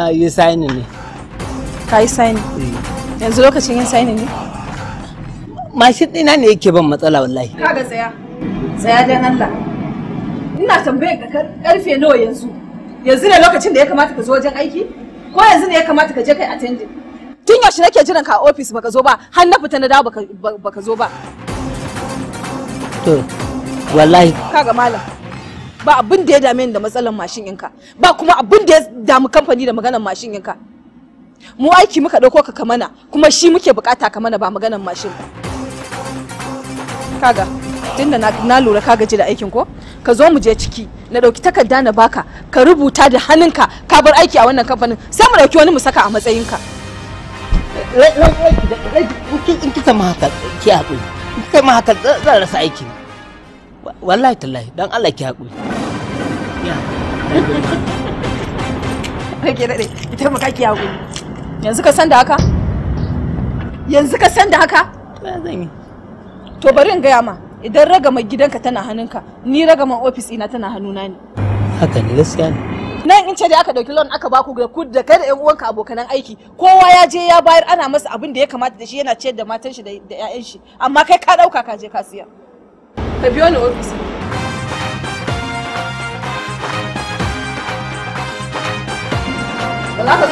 yi saini ne ka yi saini eh. yanzu lokacin yin saini ne mashin ɗina ne yake ban matsala wallahi kaga tsaya tsaya dan Allah ina tambayar ka karfe nawa yanzu yanzu ne lokacin da ya kamata ka zo wajen aiki ko yanzu ne ya kamata ka je kai attending tun yaushe nake jiran ka a ofis baka zo ba har na fita na dawo baka zo ba to wallahi kaga malam ba abin da ya dame ni da matsalar mashin ɗinka ba kuma abin da ya damu kamfani da maganar mashin ɗinka mu aiki muka ɗauko ka kamana kuma shi muke bukata kamana ba maganar mashin kaga tunda na, na lura ka gaji da aikin ko ka zo mu je ciki na ɗauki takarda na baka ka rubuta da hannunka ka bar aiki a wannan kamfanin sai mu ɗauki wani mu saka a matsayinka in ma haka zan rasa aikin wallahi tallahi dan Allah ki haƙuri kake dade ita maka ki haƙuri yanzu ka san da haka yanzu ka san da haka zan yi to bari in gaya ma idan ragama gidanka tana hannunka ni ragama ofis ina tana hannuna ne haka ne gaskiya ne nan in ce da aka dauki loan aka baku da ku da kai da yan uwanka abokanan aiki kowa ya je ya bayar ana masa abin da ya kamata da shi yana ciyar da matan shi da 'ya'yan shi amma kai ka dauka ka je ka siya ka biyo ni